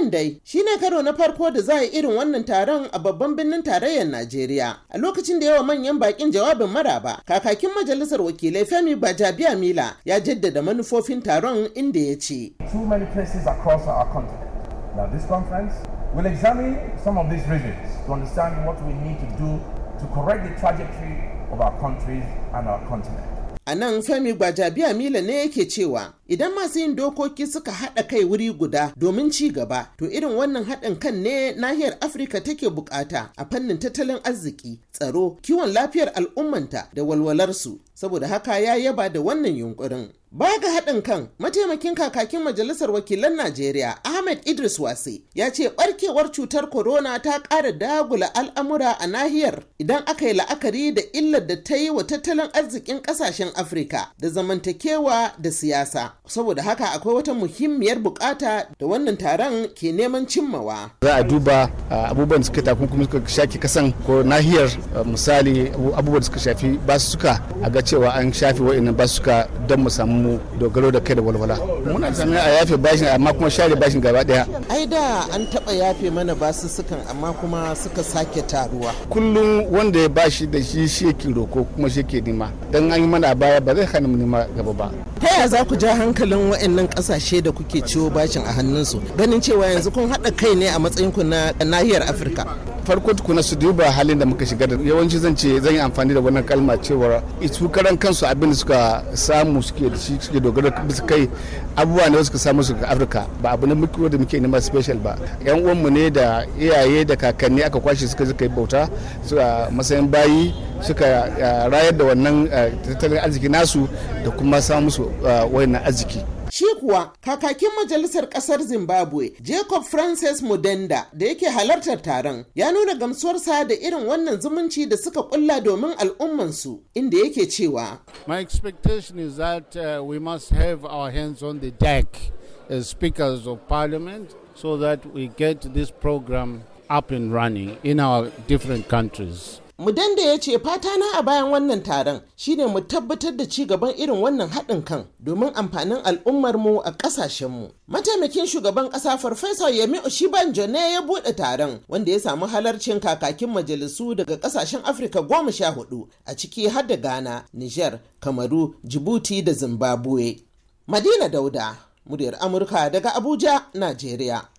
Wannan dai shine karo na farko da za a yi irin wannan taron a babban birnin tarayyar Najeriya. A lokacin da yawa manyan bakin jawabin maraba, kakakin majalisar wakilai Femi Bajabiya Mila ya jaddada manufofin taron inda ya ce. Too many places across our continent. Now this conference will examine some of these regions to understand what we need to do to correct the trajectory of our countries and our continent. A nan Femi amila ne yake cewa Idan masu yin dokoki suka haɗa kai wuri guda domin ci gaba, to irin wannan haɗin kan ne nahiyar Afirka take bukata a fannin tattalin arziki, tsaro, kiwon lafiyar al'ummanta da walwalarsu. Saboda haka ya yaba da wannan yunkurin. Ba ga haɗin kan mataimakin kakakin Majalisar Wakilan Najeriya Ahmed Idris Wase ya ce ɓarkewar cutar corona ta ƙara dagula al'amura a nahiyar idan aka yi la'akari da illar da ta yi wa tattalin arzikin ƙasashen Afirka da zamantakewa da siyasa. saboda haka akwai wata muhimmiyar bukata da wannan taron ke neman cimmawa za a duba abubuwan suka kuma suka shafi kasan ko nahiyar misali abubuwan suka shafi basuka a ga cewa an shafi wa'annan basuka don mu samu dogaro da kai da walwala muna zama a yafe bashin amma kuma share bashin gaba daya ai da an taba yafe mana basussukan amma kuma suka sake taruwa kullum wanda ya bashi da shi shi yake roko kuma shi yake nima dan an yi mana baya ba zai hana mu nima gaba ba ta yaya za ku ja hankalin waɗannan ƙasashe da kuke ciwo bashin a hannunsu ganin cewa yanzu kun haɗa kai ne a matsayin ku na nahiyar afirka farko tukuna su duba halin da muka shiga da yawanci zan ce zan yi amfani da wannan kalma cewa su karan kansu abin da suka samu suke da shi suke dogara bisa kai abubuwa ne suka samu su afirka ba abu ne muke da muke nema special ba yan uwanmu ne da iyaye da kakanni aka kwashe suka suka yi bauta suka matsayin bayi suka eh, rayar da wannan eh, tattalin arziki nasu da kuma samu su eh, wayannan arziki Shi kuwa kakakin majalisar ƙasar Zimbabwe Jacob Francis Mudenda da yake halartar taron ya nuna gamsuwarsa da irin wannan zumunci da suka kulla domin al'ummansu inda yake cewa. My expectation is that uh, we must have our hands on the deck as speakers of parliament so that we get this program up and running in our different countries. Mudanda ya ce fata na a bayan wannan taron shine mu tabbatar da ci gaban irin wannan haɗin kan domin amfanin al'ummarmu a ƙasashenmu. Mataimakin shugaban ƙasa Farfesa Yemi Oshibanjo ne ya buɗe taron wanda ya samu halarcin kakakin majalisu daga ƙasashen Afirka goma sha hudu a ciki har da Ghana, Niger, Kamaru, Djibouti da Zimbabwe. Madina Dauda, muryar Amurka daga Abuja, Najeriya.